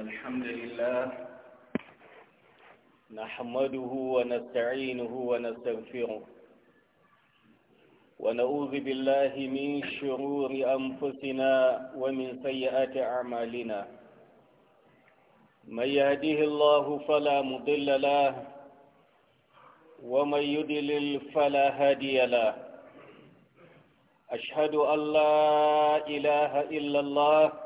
الحمد لله نحمده ونستعينه ونستغفره ونعوذ بالله من شرور أنفسنا ومن سيئات أعمالنا من يهديه الله فلا مضل له ومن يدلل فلا هادي له أشهد أن لا إله إلا الله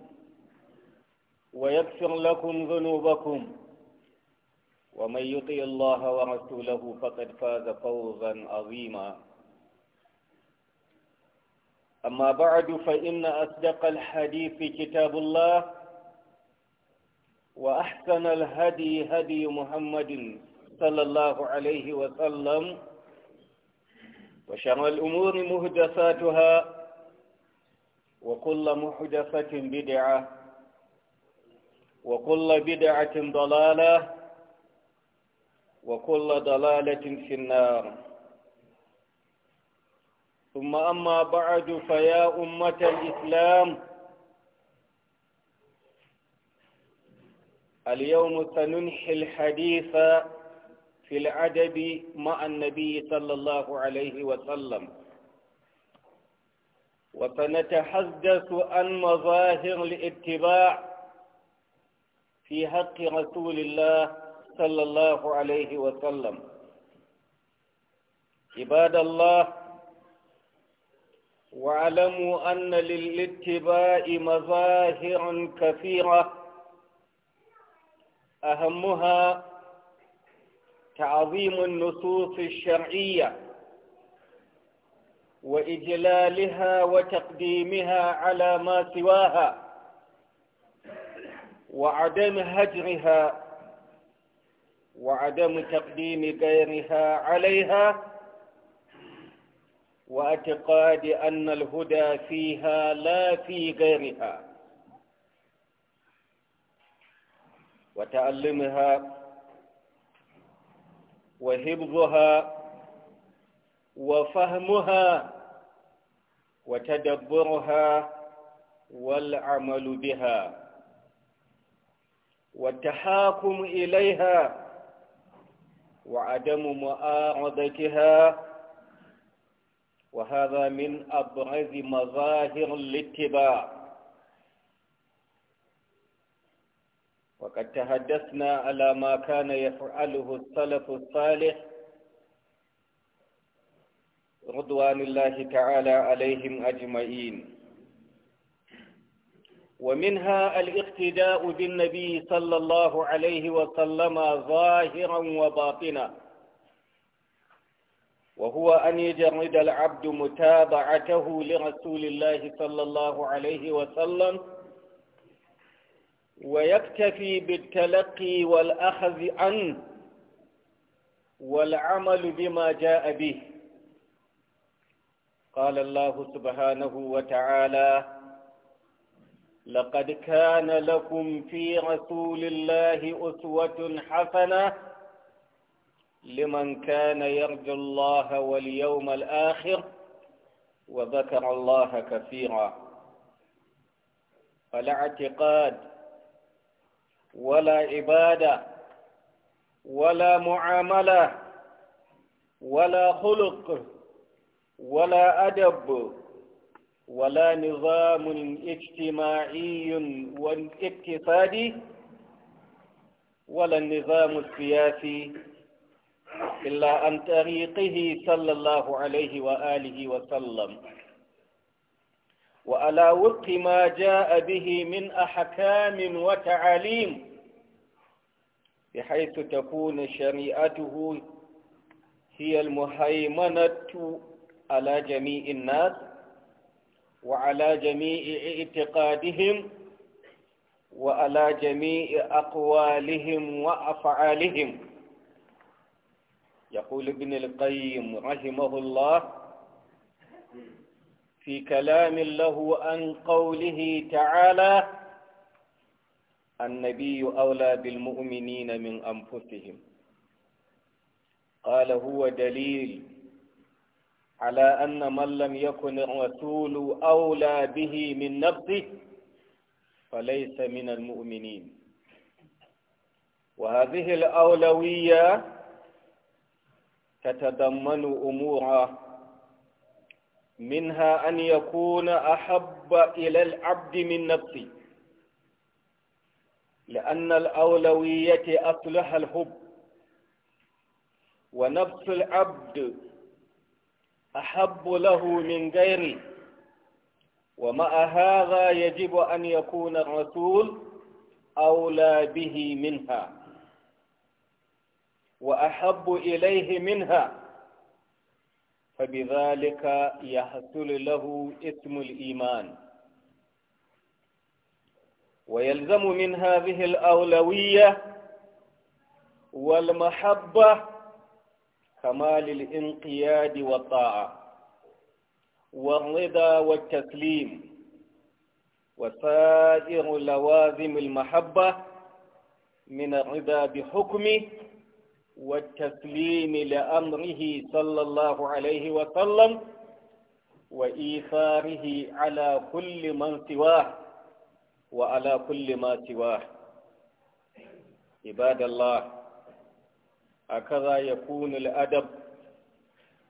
ويغفر لكم ذنوبكم ومن يطيع الله ورسوله فقد فاز فوزا عظيما أما بعد فإن أصدق الحديث كتاب الله وأحسن الهدي هدي محمد صلى الله عليه وسلم وشر الأمور مهدساتها وكل محدثة بدعة وكل بدعة ضلالة وكل ضلالة في النار ثم أما بعد فيا أمة الإسلام اليوم سننحي الحديث في العدب مع النبي صلى الله عليه وسلم وسنتحدث عن مظاهر الاتباع في حق رسول الله صلى الله عليه وسلم عباد الله واعلموا أن للاتباع مظاهر كثيرة أهمها تعظيم النصوص الشرعية وإجلالها وتقديمها على ما سواها وعدم هجرها وعدم تقديم غيرها عليها واعتقاد أن الهدى فيها لا في غيرها وتعلمها وحفظها وفهمها وتدبرها والعمل بها والتحاكم إليها وعدم معارضتها وهذا من أبرز مظاهر الاتباع وقد تحدثنا على ما كان يفعله السلف الصالح رضوان الله تعالى عليهم أجمعين ومنها الاقتداء بالنبي صلى الله عليه وسلم ظاهرا وباطنا وهو أن يجرد العبد متابعته لرسول الله صلى الله عليه وسلم ويكتفي بالتلقي والأخذ عنه والعمل بما جاء به قال الله سبحانه وتعالى لقد كان لكم في رسول الله أسوة حسنة لمن كان يرجو الله واليوم الآخر وذكر الله كثيرا فلا اعتقاد ولا عبادة ولا معاملة ولا خلق ولا أدب ولا نظام اجتماعي واقتصادي ولا النظام السياسي إلا عن طريقه صلى الله عليه وآله وسلم وعلى وفق ما جاء به من أحكام وتعاليم بحيث تكون شريعته هي المهيمنة على جميع الناس وعلى جميع اعتقادهم وعلى جميع أقوالهم وأفعالهم يقول ابن القيم رحمه الله في كلام له عن قوله تعالى النبي أولى بالمؤمنين من أنفسهم قال هو دليل على أن من لم يكن الرسول أولى به من نفسه فليس من المؤمنين وهذه الأولوية تتضمن أمورا منها أن يكون أحب إلى العبد من نفسه لأن الأولوية أصلح الحب ونفس العبد أحب له من غيري ومع هذا يجب أن يكون الرسول أولى به منها وأحب إليه منها فبذلك يحصل له اسم الإيمان ويلزم من هذه الأولوية والمحبة كمال الانقياد والطاعة والرضا والتسليم وسائر لوازم المحبة من الرضا بحكمه والتسليم لأمره صلى الله عليه وسلم وإيثاره على كل من سواه وعلى كل ما سواه عباد الله هكذا يكون الأدب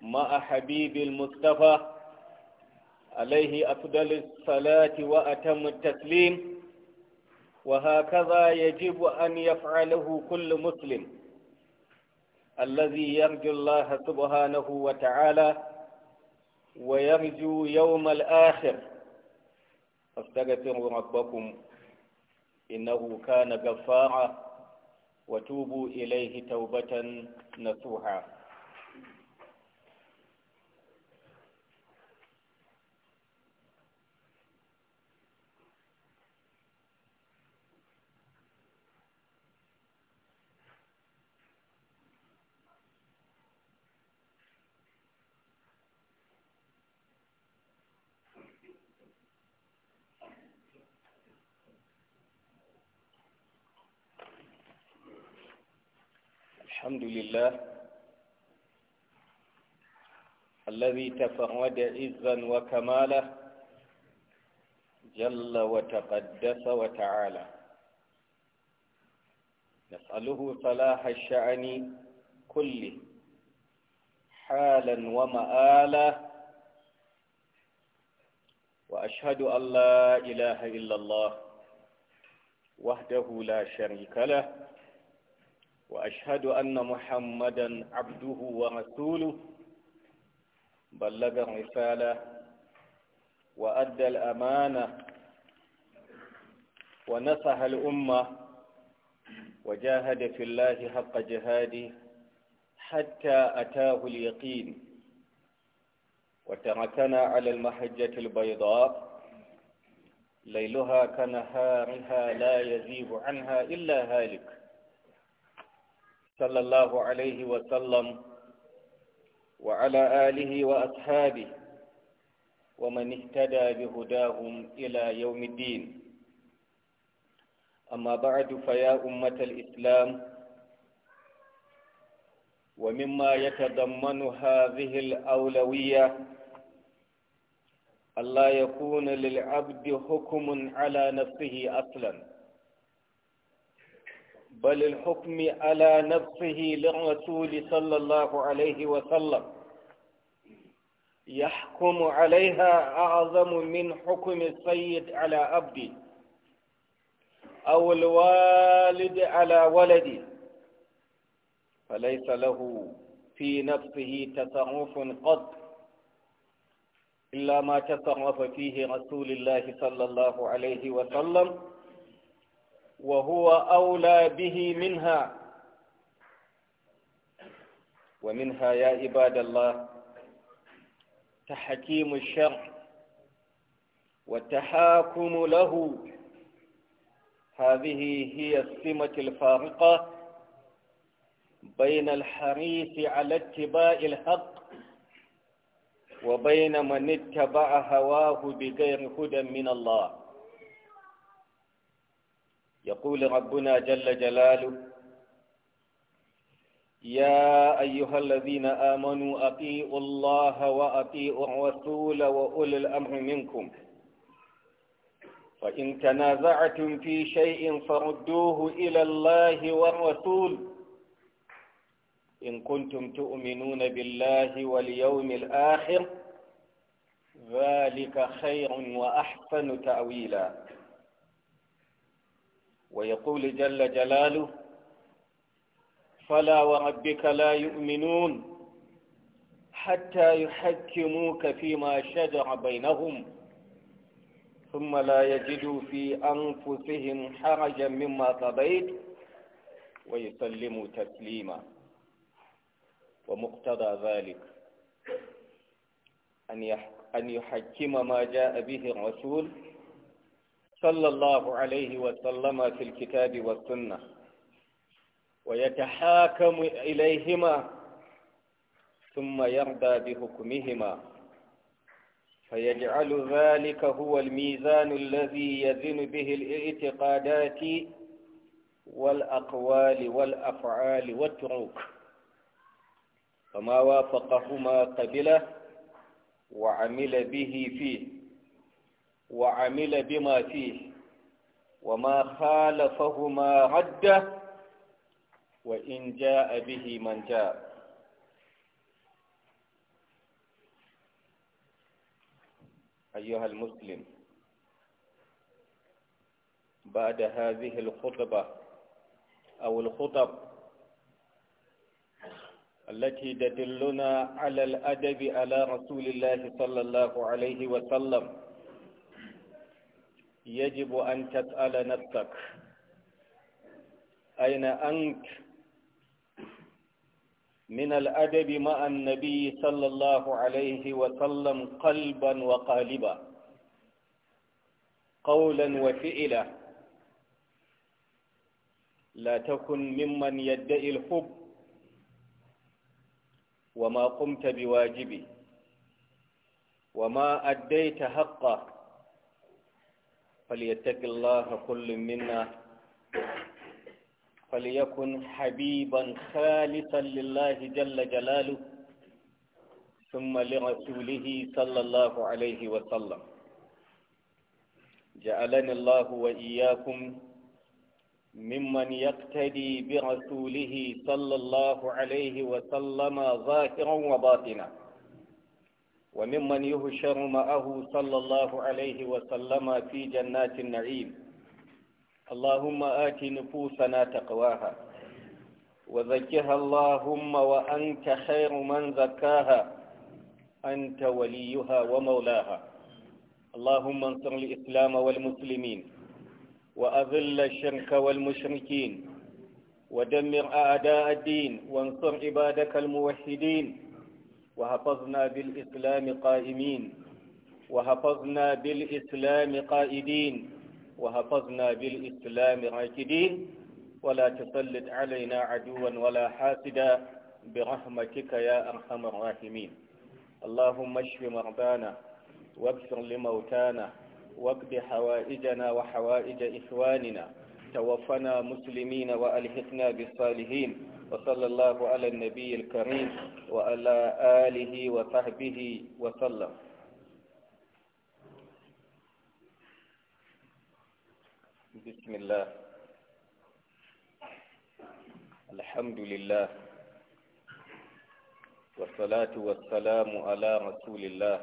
مع حبيب المصطفى عليه أفضل الصلاة وأتم التسليم وهكذا يجب أن يفعله كل مسلم الذي يرجو الله سبحانه وتعالى ويرجو يوم الآخر فاستغفروا ربكم إنه كان غفارا وتوبوا إليه توبة نصوحا الحمد لله الذي تفرد عزا وكماله جل وتقدس وتعالى نسأله صلاح الشأن كله حالا ومآلا وأشهد أن لا إله إلا الله وحده لا شريك له وأشهد أن محمدا عبده ورسوله بلغ الرسالة وأدى الأمانة ونصح الأمة وجاهد في الله حق جهاده حتى أتاه اليقين وتركنا على المحجة البيضاء ليلها كنهارها لا يزيب عنها إلا هالك صلى الله عليه وسلم وعلى آله وأصحابه ومن اهتدى بهداهم إلى يوم الدين أما بعد فيا أمة الإسلام ومما يتضمن هذه الأولوية ألا يكون للعبد حكم على نفسه أصلاً بل الحكم على نفسه للرسول صلى الله عليه وسلم يحكم عليها أعظم من حكم السيد على أبدي أو الوالد على ولدي فليس له في نفسه تصرف قط إلا ما تصرف فيه رسول الله صلى الله عليه وسلم وهو أولى به منها ومنها يا عباد الله تحكيم الشرع والتحاكم له هذه هي السمة الفارقة بين الحريص على اتباع الحق وبين من اتبع هواه بغير هدى من الله يقول ربنا جل جلاله يا أيها الذين آمنوا أطيعوا الله وأطيعوا الرسول وأولي الأمر منكم فإن تنازعتم في شيء فردوه إلى الله والرسول إن كنتم تؤمنون بالله واليوم الآخر ذلك خير وأحسن تأويلاً ويقول جل جلاله فلا وربك لا يؤمنون حتى يحكموك فيما شجر بينهم ثم لا يجدوا في أنفسهم حرجا مما قضيت ويسلموا تسليما ومقتضى ذلك أن يحكم ما جاء به الرسول صلى الله عليه وسلم في الكتاب والسنة ويتحاكم إليهما ثم يرضى بحكمهما فيجعل ذلك هو الميزان الذي يزن به الاعتقادات والأقوال والأفعال والتروك فما وافقهما قبله وعمل به فيه وعمل بما فيه وما خالفهما رده وإن جاء به من جاء أيها المسلم بعد هذه الخطبة أو الخطب التي تدلنا على الأدب على رسول الله صلى الله عليه وسلم يجب أن تسأل نفسك أين أنت من الأدب مع النبي صلى الله عليه وسلم قلبا وقالبا قولا وفعلا لا تكن ممن يدعي الحب وما قمت بواجبه وما أديت حقه فليتق الله كل منا فليكن حبيبا خالصا لله جل جلاله ثم لرسوله صلى الله عليه وسلم جعلني الله وإياكم ممن يقتدي برسوله صلى الله عليه وسلم ظاهرا وباطنا وممن يهشر معه صلى الله عليه وسلم في جنات النعيم اللهم آت نفوسنا تقواها وزكها اللهم وأنت خير من زكاها أنت وليها ومولاها اللهم انصر الإسلام والمسلمين وأذل الشرك والمشركين ودمر أعداء الدين وانصر عبادك الموحدين وحفظنا بالإسلام قائمين وحفظنا بالإسلام قائدين وحفظنا بالإسلام راكدين ولا تسلط علينا عدوا ولا حاسدا برحمتك يا أرحم الراحمين اللهم اشف مرضانا واكثر لموتانا واقض حوائجنا وحوائج إخواننا توفنا مسلمين وألحقنا بالصالحين وصلى الله على النبي الكريم وعلى آله وصحبه وسلم بسم الله الحمد لله والصلاة والسلام على رسول الله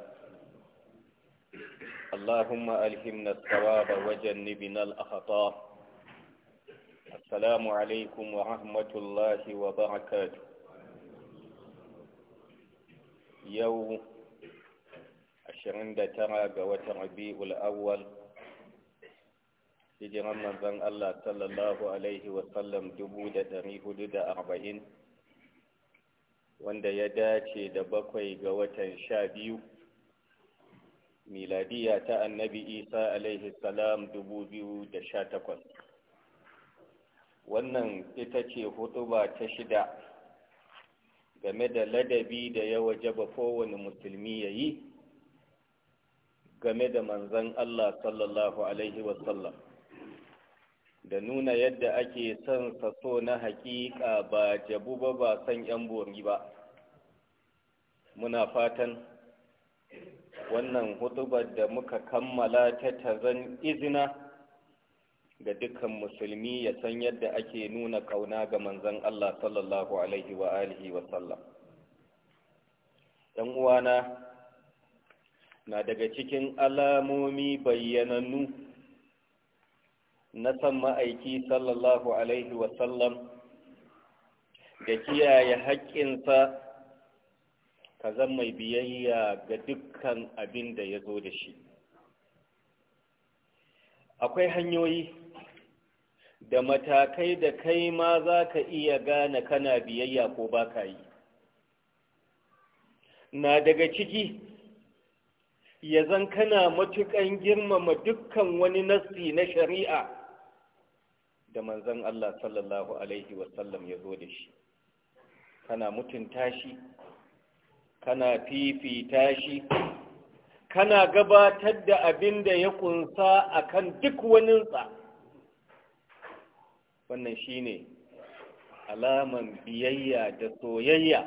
اللهم ألهمنا الصواب وجنبنا الأخطاء السلام عليكم ورحمة الله وبركاته يوم عشرين ترى قوة ربيع الأول hijiran manzon Allah sallallahu Alaihi wasallam dubu da ɗari hudu da arba'in wanda ya dace da bakwai ga watan sha biyu miladiya ta annabi isa alaihi salam dubu biyu da sha takwas wannan ita ce hutuba ta shida game da ladabi da ya wajaba kowane musulmi ya yi game da manzan Allah sallallahu Alaihi wasallam da nuna yadda ake son saso na hakika ba jabu ba ba son ‘yan bori ba muna fatan wannan hutubar da muka kammala ta tazan izina ga dukkan musulmi ya san yadda ake nuna ƙauna ga manzan Allah sallallahu alaihi wa alihi wa uwana na daga cikin alamomi bayyanannu na san ma'aiki sallallahu alaihi wa da kiyaye haƙƙinsa ka zan mai biyayya ga dukkan abin da ya zo da shi akwai hanyoyi da matakai da kai ma za ka iya gane kana biyayya ko ba ka yi na daga ciki ya zan kana matuƙan girmama dukkan wani nasi na shari'a da manzan Allah sallallahu Alaihi wasallam ya zo da shi kana mutunta shi kana fifita shi kana gabatar da abin da ya kunsa akan duk wani waninsa wannan shine alaman biyayya da soyayya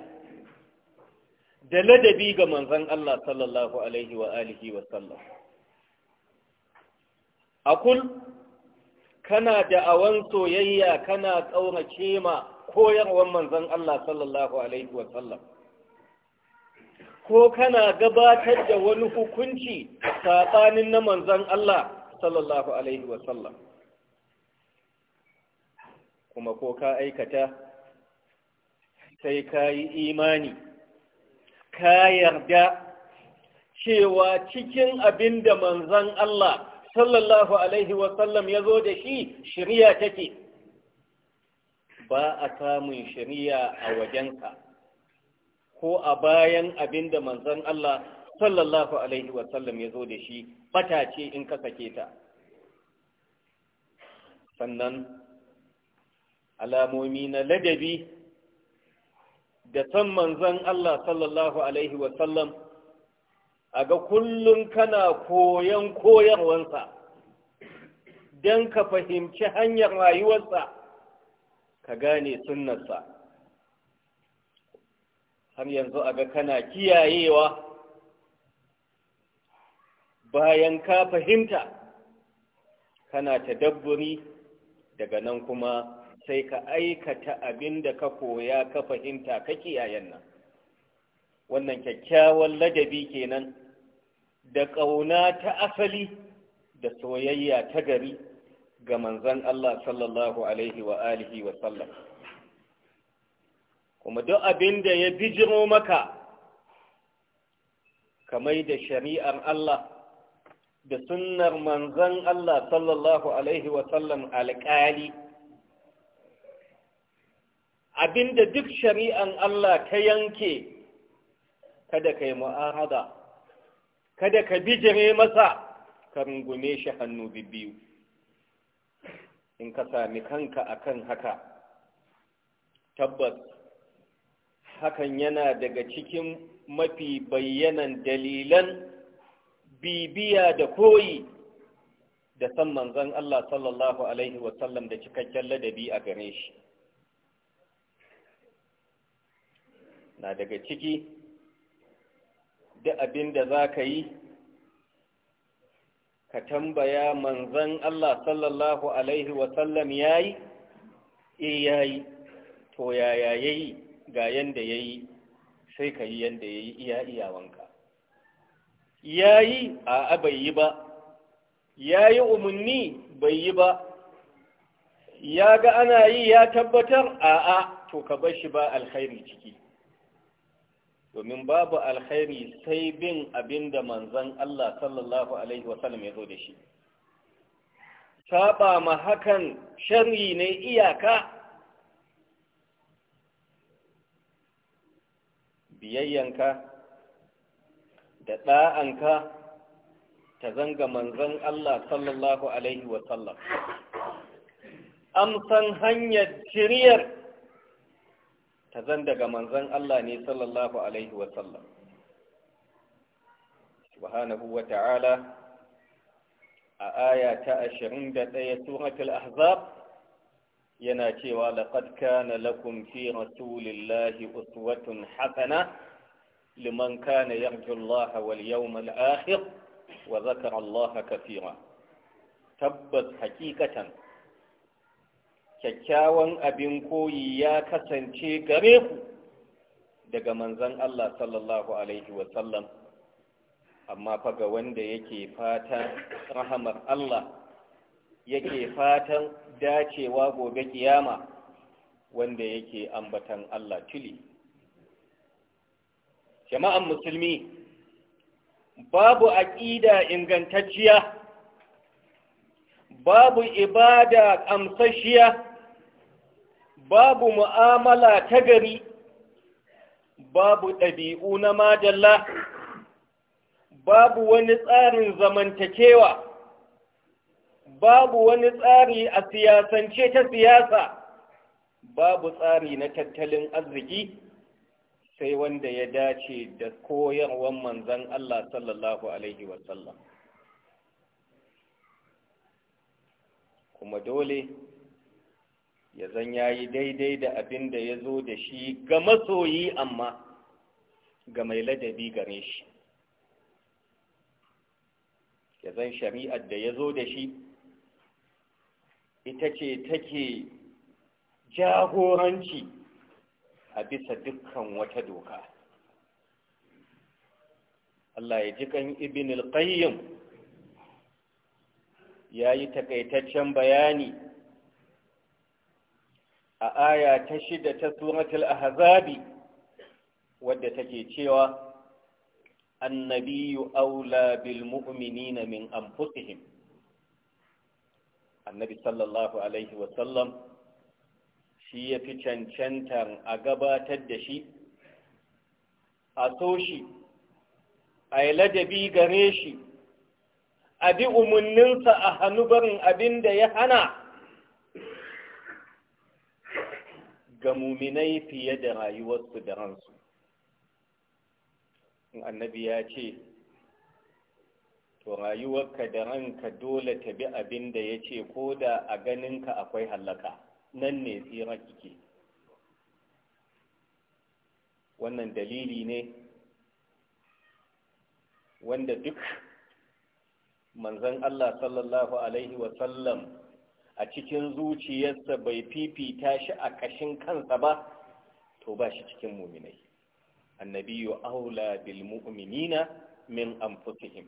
da ladabi ga manzan Allah sallallahu alaihi wa alihi wa sallam akul kana da awan soyayya kana kaurace ma koyarwan manzan Allah sallallahu alaihi wa sallam ko kana gabatar da wani hukunci saɓanin na manzan Allah sallallahu alaihi wa sallam kuma ko ka aikata sai ka yi imani ka yarda cewa cikin abin da manzan Allah sallallahu alaihi wasallam ya zo da shi shirya take ba a samun shirya a wajenka ko a bayan abin da manzan Allah sallallahu alaihi wasallam ya zo da shi bata ce in ka sake ta sannan alamomi na ladabi da san manzan Allah sallallahu Alaihi wasallam a ga kullum kana koyon koyarwansa don ka fahimci hanyar rayuwarsa ka gane sunnarsa har yanzu a ga kana kiyayewa bayan ka fahimta kana tadabburi daga nan kuma sai ka aikata abin da ka koya ka fahimta ka kiyayen nan wannan kyakkyawan ladabi kenan da ƙauna ta asali da soyayya ta gari ga manzan Allah sallallahu alaihi wa alihi wa sallam kuma duk abin da ya bijiro maka kamai da shari'ar Allah da sunnar manzan Allah sallallahu alaihi wa sallam alƙali abinda duk shari'an Allah ta yanke kada ka yi mu'ahada kada ka bijire masa ka rungume shi hannu biyu in ka sami kanka akan haka tabbas hakan yana daga cikin mafi bayyanan dalilan bibiya da koyi da san manzon Allah sallallahu alaihi wasallam da cikakken ladabi a gare shi na daga ciki da abin da za ka yi ka tambaya manzan Allah sallallahu Alaihi wasallam ya yi, e eh, ya yi, to yaya ya yi ga yanda ya yi sai ka yi yanda ya yi iya iyawanka. Ya yi a bai yi ba, ya yi umarni bai yi ba, ya ga ana yi ya tabbatar a a to ka bashi ba alkhairi ciki. domin babu alkhairi sai bin abinda manzan Allah sallallahu alaihi wasallam ya zo da shi saba ma hakan sharri ne iyaka biyayyanka da ɗa'anka ta zanga manzan Allah sallallahu Alaihi wasallam. Amsan hanyar shiriyar ta zan daga manzan Allah ne sallallahu alaihi wasallam subhanahu wa ta'ala a aya ta ashirin da ɗaya suratul ahzab yana cewa laqad kana lakum fi rasulillahi uswatun hasana liman kana yarju Allah wal yawmal akhir wa zakara Allah kaseera tabbas hakikatan kyakkyawan abin koyi ya kasance gare ku daga manzan Allah sallallahu alaihi wasallam amma faga wanda yake fatan rahamar Allah yake fatan dacewa gobe kiyama wanda yake ambatan Allah tuli jama'an musulmi babu aƙida ingantacciya babu ibada amsashiya babu mu'amala ta gari babu ɗabi'u na majalla babu wani tsarin zamantakewa babu wani tsari a siyasance ta siyasa babu tsari na tattalin arziki sai wanda ya dace da koyarwar manzan Allah sallallahu Alaihi wasallam kuma dole ya zan ya yi daidai da abin da ya zo da shi ga masoyi amma ga mai ladabi gare shi ya zan shari'ar da ya zo da shi ita ce take jagoranci a bisa dukkan wata doka Allah ya ji kan ibn al-qayyim ya yi takaitaccen bayani a aya ta shida ta suratul ahzabi wadda take cewa annabiyyu aula bil mu'minina min anfusihim annabi sallallahu alaihi wa sallam shi ya fi cancantar a gabatar da shi a so shi a yi ladabi gare shi a bi umarninsa a hannu barin abin da ya hana ga muminai fiye da rayuwarsu da ransu annabi ya ce to rayuwarka da ranka dole ta bi abin da ya ce ko da a ganinka akwai hallaka nan ne tsira kike wannan dalili ne wanda duk manzan Allah sallallahu Alaihi wasallam a cikin zuciyarsa bai fifita shi a ƙashin kansa ba to ba shi cikin muminai annabiyu aula bil mu'minina min anfusihim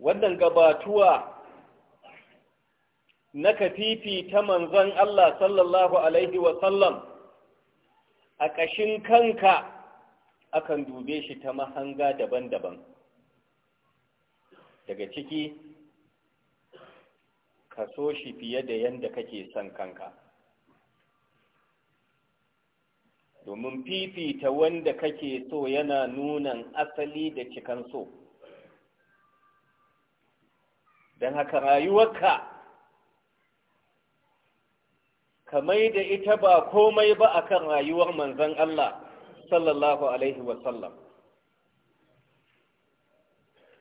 wannan gabatuwa na ka ta manzon Allah sallallahu alaihi wa sallam a ƙashin kanka akan dube shi ta mahanga daban-daban daga ciki ka so shi fiye da yadda kake son kanka domin fifita wanda kake so yana nunan asali da cikan so don haka rayuwarka kamai da ita ba komai ba akan rayuwar manzan Allah sallallahu alaihi wasallam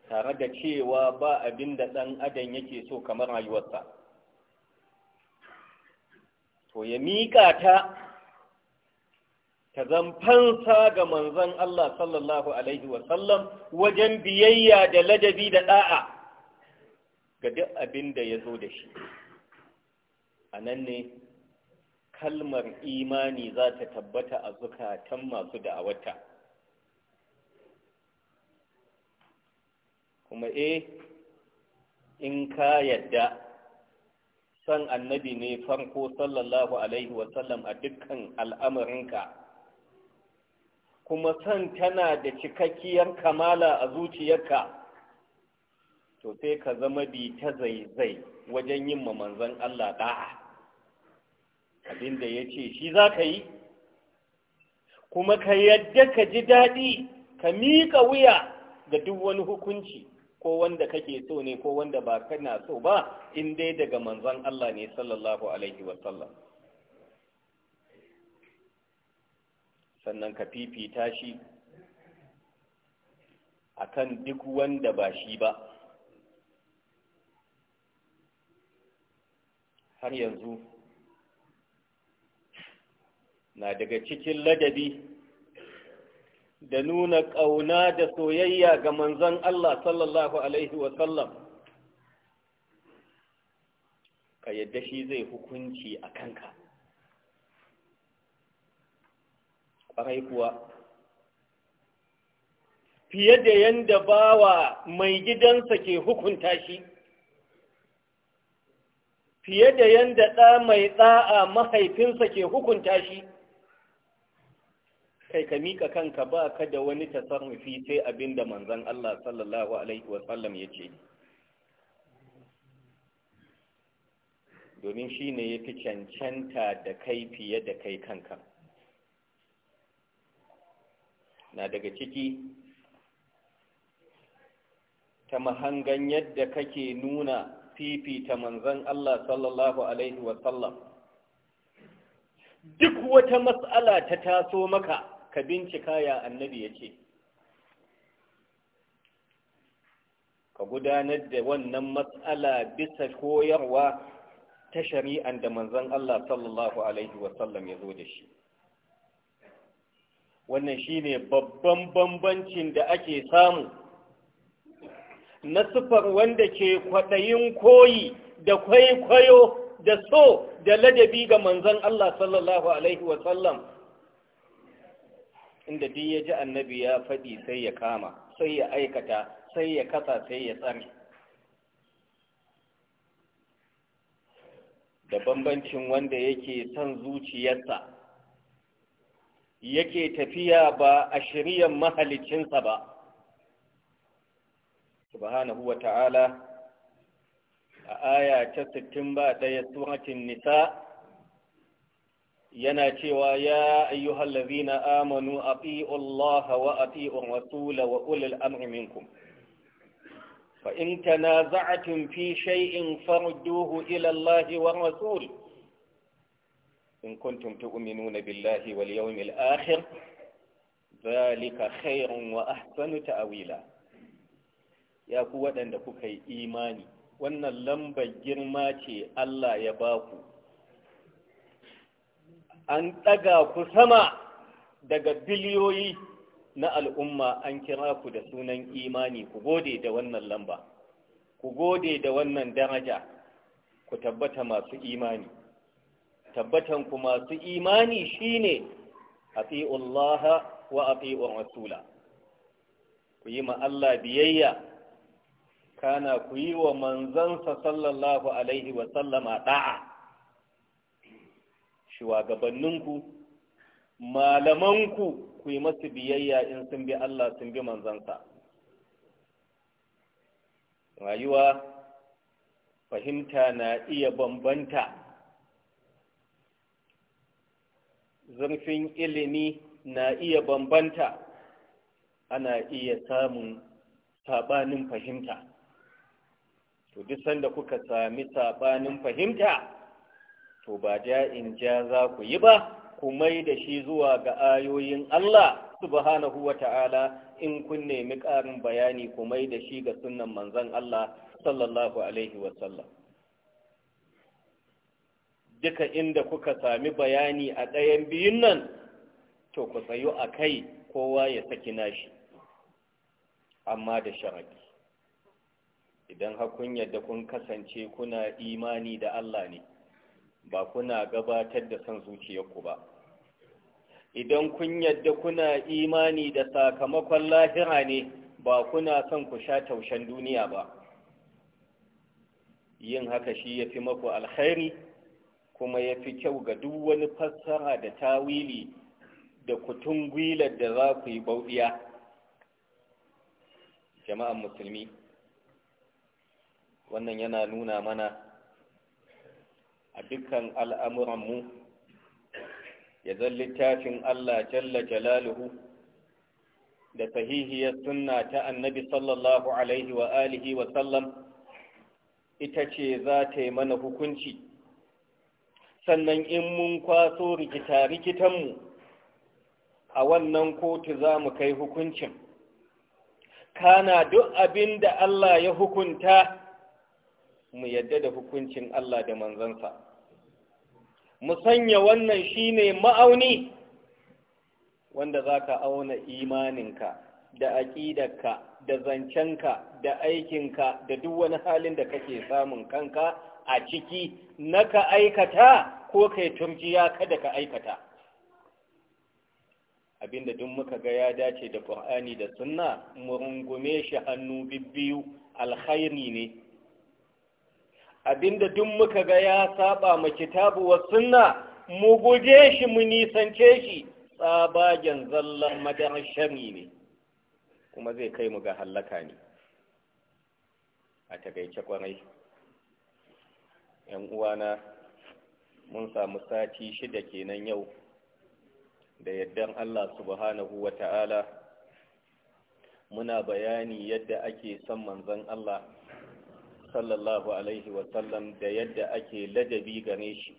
tare da cewa ba abin da ɗan adam yake so kamar rayuwarsa to ya miƙa ta ta zamfansa ga manzon Allah sallallahu Alaihi wasallam wajen biyayya da ladabi da ɗa'a ga duk abin da ya zo da shi a nan ne kalmar imani za ta tabbata a zukatan masu da'awata. kuma e, in ka yadda san annabi ne farko sallallahu alaihi wasallam a dukkan al'amarinka kuma san tana da cikakkiyar kamala a zuciyarka to sai ka zama bi ta zaizai wajen yin manzon Allah da'a abinda ya ce shi za ka yi kuma ka yadda ka ji daɗi ka miƙa wuya ga duk wani hukunci ko wanda kake so ne ko wanda ba kana so ba in dai daga manzon Allah ne sallallahu alaihi wa sallam. sannan ka fifita shi akan duk wanda ba shi ba har yanzu na daga cikin ladabi da nuna ƙauna da soyayya ga manzon Allah sallallahu Alaihi wasallam ka yadda shi zai hukunci a kanka ƙwarai kuwa fiye da yadda bawa mai gidansa ke hukunta shi fiye da yadda ɗa mai ɗa'a mahaifinsa ke hukunta shi kai ka mika kanka ba ka da wani tasarrufi sai abin da manzan Allah sallallahu Alaihi wasallam ya ce domin shi ne ya fi cancanta da kai fiye da kai kanka na daga ciki ta mahangan yadda kake nuna fifita manzan Allah sallallahu Alaihi wasallam duk wata matsala ta taso maka ka bincika ya annabi ya ce ka gudanar da wannan matsala bisa koyarwa ta shari'an da manzan Allah sallallahu alaihi wasallam ya zo da shi wannan shi ne babban bambancin da ake samu na sufar wanda ke kwaɗayin koyi da kwaikwayo da so da ladabi ga manzan Allah sallallahu alaihi wasallam inda duk ya ji annabi ya faɗi sai ya kama sai ya aikata sai ya kasa sai ya tsare da bambancin wanda yake son zuciyarsa yake tafiya ba a shiryan mahalicinsa ba subhanahu wa ta'ala a aya ta 61 suratul nisa yana cewa ya ayyuhal ladhina amanu ati'u Allah wa ati'u rasula wa ulil amri fa in tanaza'tum fi shay'in farduhu ila Allah wa rasul in kuntum tu'minuna billahi wal yawmil akhir dhalika khairun wa ahsanu ta'awila. ya ku waɗanda kuka yi imani wannan lambar girma ce Allah ya baku an ɗaga ku sama daga biliyoyi na al'umma an kira ku da sunan imani ku gode da wannan lamba ku gode da wannan daraja ku tabbata masu imani tabbatan ku masu imani shine Allah wa ati'ur rasula ku yi ma Allah biyayya kana ku yi wa manzansa sallallahu alaihi wa sallama shugabanninku malamanku ku yi masu biyayya in sun bi Allah sun bi manzansa rayuwa fahimta na iya bambanta zurfin ilimi na iya bambanta ana iya samun saɓanin fahimta to duk sanda kuka sami saɓanin fahimta to ba in ja za ku yi ba ku mai da shi zuwa ga ayoyin Allah subhanahu wa ta'ala in kun nemi ƙarin bayani ku mai da shi ga sunan manzon Allah sallallahu alaihi wasallam duka inda kuka sami bayani a ɗayan biyun nan to ku tsayu a kai kowa ya saki nashi amma da sharaɗi idan hakun yadda kun kasance kuna imani da Allah ne ba kuna gabatar da son zuciyarku ba idan kun yadda kuna imani da sakamakon lahira ne ba kuna son ku sha taushen duniya ba yin haka shi ya fi maku alkhairi kuma ya fi kyau ga duk wani fassara da tawili da kutun gwilar da za ku yi bauɗiya jama'an musulmi wannan yana nuna mana dukkan al'amuranmu ya zan littafin Allah jalla jalaluhu da sahihiyar suna ta annabi sallallahu alaihi wa alihi wa sallam ita ce za ta yi mana hukunci sannan in mun kwaso rikita-rikitanmu a wannan kotu za mu kai hukuncin kana duk abin da Allah ya hukunta mu yadda da hukuncin Allah da manzansa mu sanya wannan shine ma'auni wanda za ka auna imaninka da aƙidarka da zancenka da aikinka da duk wani halin da kake samun kanka a ciki na ka aikata ko kai turjiya kada ka aikata abinda duk muka ga ya dace da ƙur'ani da sunna mu rungume shi hannu bibbiyu alkhairi ne abinda duk muka ga ya saba ma kitabu wa sunna mu guje shi mu nisance shi tsabagen zallan madan shari ne kuma zai kai mu ga hallaka ne a takaice kwarai yan uwana mun samu sati shida kenan yau da yaddan Allah subhanahu wa ta'ala muna bayani yadda ake son manzon Allah sallallahu alaihi wasallam da yadda ake ladabi gane shi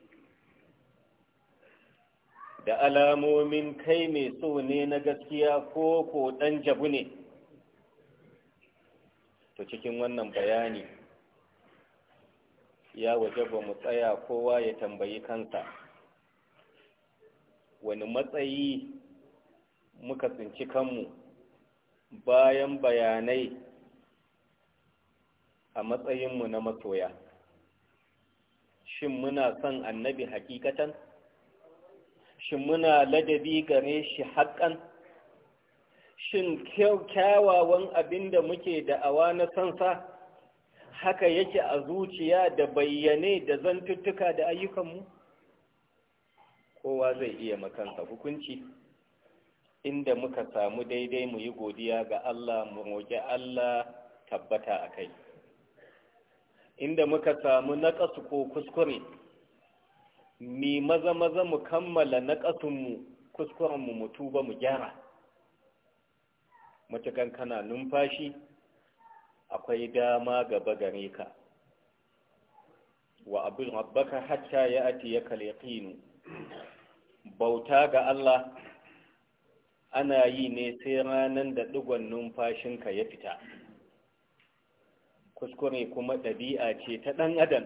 da alamomin kai mai so ne na gaskiya ko ko ɗan jabu ne to cikin wannan bayani ya wajaba mu tsaya kowa ya tambayi kansa wani matsayi muka tsinci kanmu bayan bayanai a matsayinmu na masoya shin muna son annabi hakikatan shin muna ladabi gare shi haƙƙan shin kyawawan abin da muke da'awa na sansa haka yake a zuciya da bayyane da zantuttuka da ayyukanmu kowa zai iya makansa hukunci inda muka samu daidai mu yi godiya ga Allah mu roƙi Allah tabbata a kai inda muka samu naƙasu ko kuskure mi maza maza mu kammala naƙasunmu kuskurenmu mu tuba mu gyara matukan kana numfashi akwai dama gaba gare ka wa abin rabbaka hatta ya ati ya kalekinu bauta ga Allah ana yi ne sai ranar da ɗigon numfashinka ya fita kuskure kuma ɗabi'a ce ta ɗan adam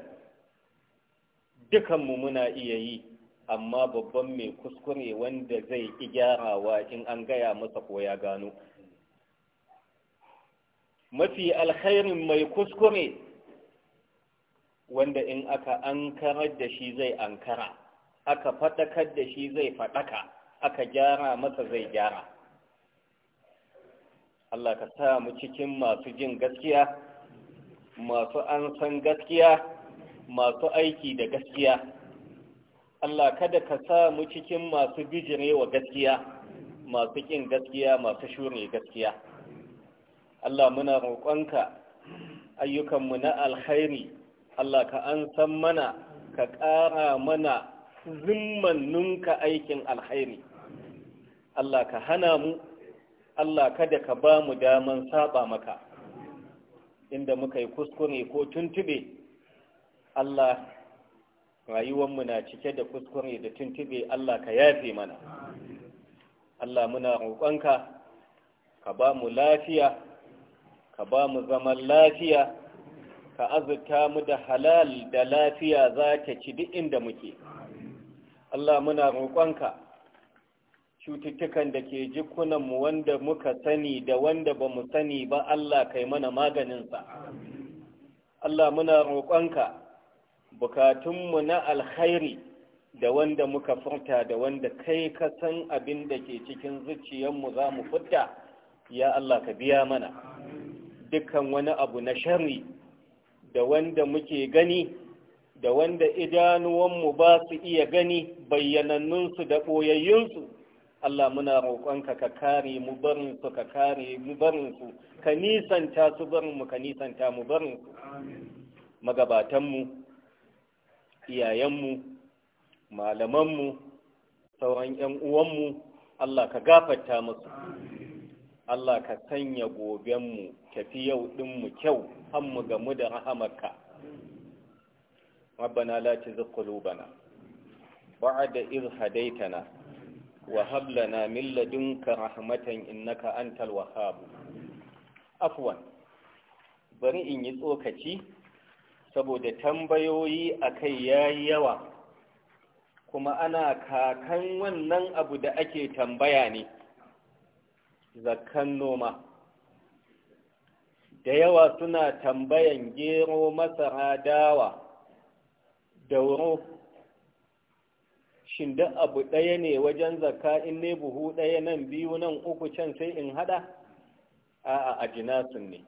dukanmu muna iya yi amma babban mai kuskure wanda zai ƙi gyarawa in an gaya masa ko ya gano mafi alkhairin mai kuskure wanda in aka ankarar da shi zai ankara aka faɗakar da shi zai faɗaka aka gyara masa zai gyara Allah ka sa mu cikin masu jin gaskiya masu an san gaskiya masu aiki da gaskiya Allah kada ka sa mu cikin masu wa gaskiya masu ƙin gaskiya masu shure gaskiya Allah muna roƙonka ayyukanmu na alkhairi Allah ka an san mana ka ƙara mana zimmanninka aikin alkhairi Allah ka hana mu Allah kada ka ba mu daman saba maka inda muka yi kuskure ko tuntube Allah rayuwanmu na cike da kuskure da tuntube Allah ka yafe mana Allah muna roƙonka ka ba mu lafiya ka ba mu zaman lafiya ka azurta mu da halal da lafiya za ta ci duk inda muke Allah muna roƙonka cututtukan da ke jikunanmu wanda muka sani da wanda ba mu sani ba Allah kai mana maganinsa. Allah muna roƙonka bukatunmu na alkhairi da wanda muka furta da wanda kai ka san abin da ke cikin zuciyarmu za mu furta, ya Allah ka biya mana. dukan wani abu na shari da wanda muke gani da wanda idanuwanmu ba su iya gani bayyanannunsu da ɓoyayyunsu Allah muna roƙonka ka kare mu barin su ka kare mu barin su ka nisanta su barin mu ka nisanta mu barin su magabatan mu iyayen mu malaman mu sauran ƴan uwan mu Allah ka gafarta musu Allah ka sanya goben mu tafi yau din mu kyau an mu gamu da rahamarka ربنا لا تزغ قلوبنا بعد إذ هديتنا وهب لنا من لدنك رحمة إنك أنت الوهاب أفوا bari in yi tsokaci saboda tambayoyi a kai ya yi yawa kuma ana kakan wannan abu da ake tambaya ne zakkan noma da yawa suna tambayan gero masara dawa dauro shin duk abu ɗaya ne wajen zaka in ne buhu ɗaya nan biyu nan uku can sai in haɗa a'a a jinasin ne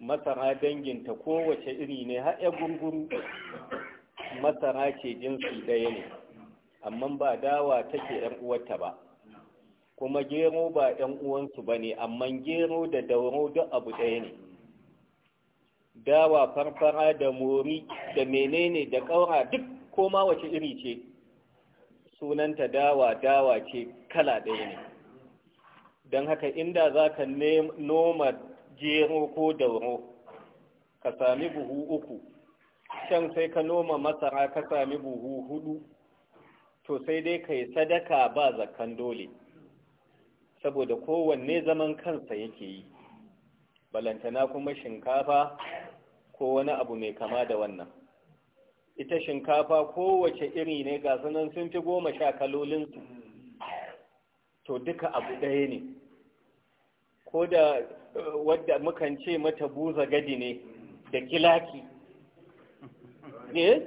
masara danginta kowace iri ne haɗe gunguru masara ce jinsi ɗaya ne amma ba dawa take ‘yan uwarta ba kuma gero ba ‘yan uwansu ba ne amma gero da dauro duk abu ɗaya ne dawa farfara da mori da menene da ƙaura duk koma wace iri ce sunanta dawa dawa ce kala ɗaya ne don haka inda za ka noma jero ko dauro ka sami buhu uku can sai ka noma masara ka sami buhu hudu to sai dai ka yi sadaka ba zakan dole saboda kowanne zaman kansa yake yi balantana kuma shinkafa ko wani abu mai kama da wannan ita shinkafa kowace iri ne ga sunan sun fi goma sha kalolinsu to duka abu ɗaya ne ko da eh, wadda mukan ce mata buza gadi ne da kilaki ne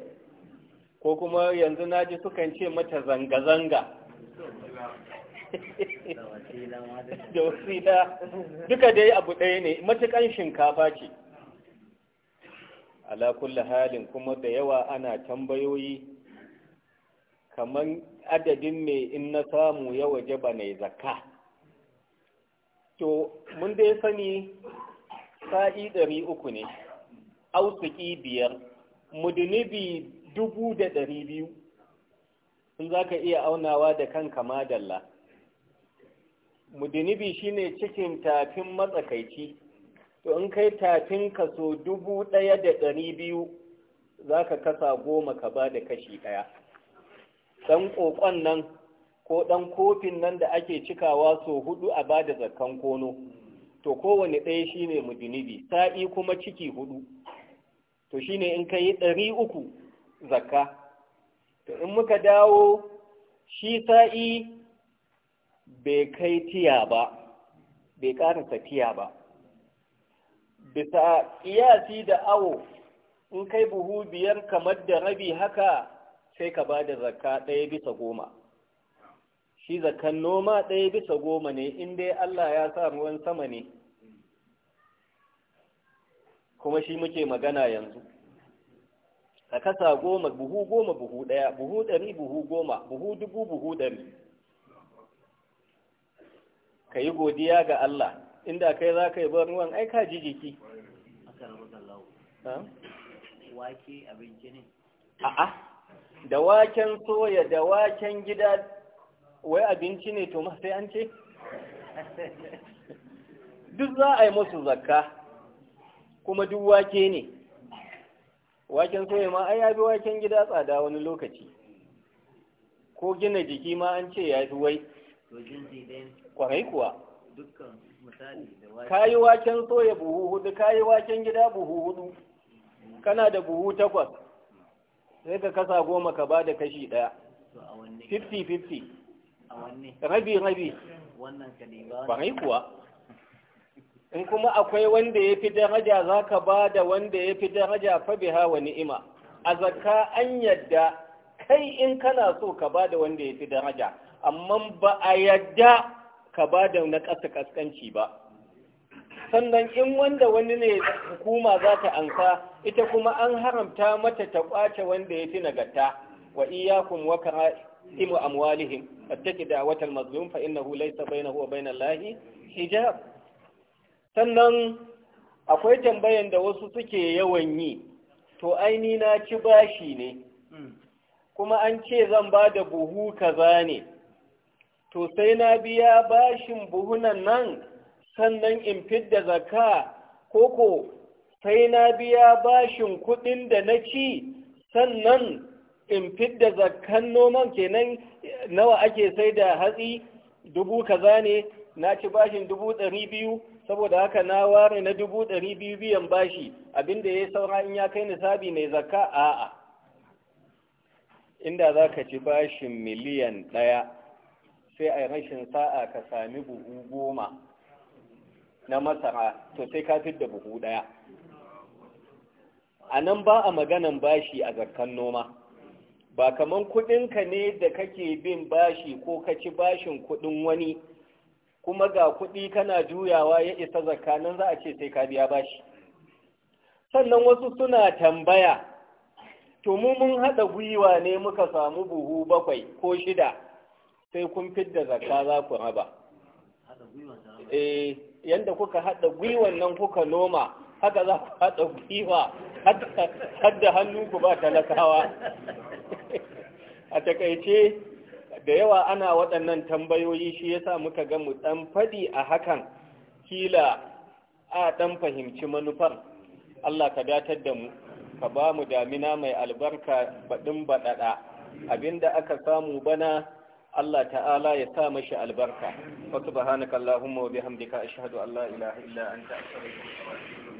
ko kuma yanzu naji sukan ce mata zanga-zanga da wasila duka dai abu ɗaya ne matukan shinkafa ce ala kulli halin kuma da yawa ana tambayoyi kaman adadin me in na samu ya waje ba na zakka to mun dai sani sa'i ɗari uku ne ausiki biyar mudunibi dubu da ɗari biyu sun za ka iya aunawa da kanka madalla mudunibi shine cikin tafin matsakaici to in kai tafin kaso dubu ɗaya da ɗari biyu za ka kasa goma ka ba da kashi ɗaya ɗan ƙoƙon nan ko ɗan kofin nan da ake cikawa so hudu a ba da zakkan kono to kowane ɗaya shi ne mudinibi sa'i kuma ciki hudu to shi ne in ka ɗari uku zakka to in muka dawo shi sa'i bai kai tiya ba bai ƙarasa tiya ba bisa ƙiyasi da awo in kai buhu biyar kamar da rabi haka sai ka ba da zakka ɗaya bisa goma shi zakkan noma ɗaya bisa goma ne in dai Allah ya sa ruwan sama ne kuma shi muke magana yanzu Ka kasa goma buhu goma buhu ɗaya buhu ɗari buhu goma buhu dubu buhu ɗari ka yi godiya ga Allah inda kai za ka yi ba ruwan ai ka ji jiki wake abinci ne a'a da waken soya da waken gida wai abinci ne to ma sai an ce duk za a yi musu zakka kuma duk wake ne waken soya ma ai ya bi waken gida tsada wani lokaci ko gina jiki ma an ce ya fi wai kwarai kuwa dukkan kayi waken soya buhu hudu kayi waken gida buhu hudu kana da buhu takwas sai ka kasa goma ka ba da kashi daya 50-50 rabi rabi kwarai kuwa in kuma akwai wanda ya fi daraja za ka ba da wanda ya fi daraja fabi wa ni'ima a zaka an yadda kai in kana so ka ba da wanda ya fi daraja amma ba a yadda ka ba da na ƙasa ƙasƙanci ba sannan in wanda wani ne hukuma za ta ansa ita kuma an haramta mata ta ƙwace wanda ya fi nagarta wa iyakun wa ka'imu amwalihim fattaki da watan mazlum fa innahu laysa bainahu wa bainal lahi hijab sannan akwai tambayan da wasu suke yawan yi to ni na ci bashi ne hmm. kuma an ce zan ba da buhu kaza ne to sai na biya bashin buhunan nan sannan in fidda zakka koko sai na biya bashin kuɗin da na ci sannan in fidda zakkan noman kenan nawa ake sai da hatsi dubu kaza ne na ci bashin dubu ɗari biyu saboda haka na ware na dubu ɗari biyu biyan bashi abinda ya saura in ya kai nisabi mai zakka a'a inda za ka ci bashin miliyan ɗaya sai a rashin sa'a ka sami buhu goma na masara to sai ka fi da buhu ɗaya a nan ba a maganan bashi a zakkan noma ba kaman kuɗinka ne da kake bin bashi ko ka ci bashin kuɗin wani kuma ga kuɗi kana juyawa ya isa zakka nan za a ce sai ka biya bashi sannan wasu suna tambaya to mu mun haɗa gwiwa ne muka samu buhu bakwai ko shida sai kun fidda zakka za ku raba eh yanda kuka hada gwiwan nan kuka noma haka za ku hada gwiwa hadda hannun ku ba talakawa a takaice da yawa ana waɗannan tambayoyi shi yasa muka ga mu ɗan faɗi a hakan kila a ɗan fahimci manufar Allah ka datar da mu ka ba mu damina mai albarka baɗin baɗaɗa abinda aka samu bana Allah ta'ala ya sa mashi albarka wa subhanakallahumma wa bihamdika ashhadu an la ilaha illa anta astaghfiruka wa atubu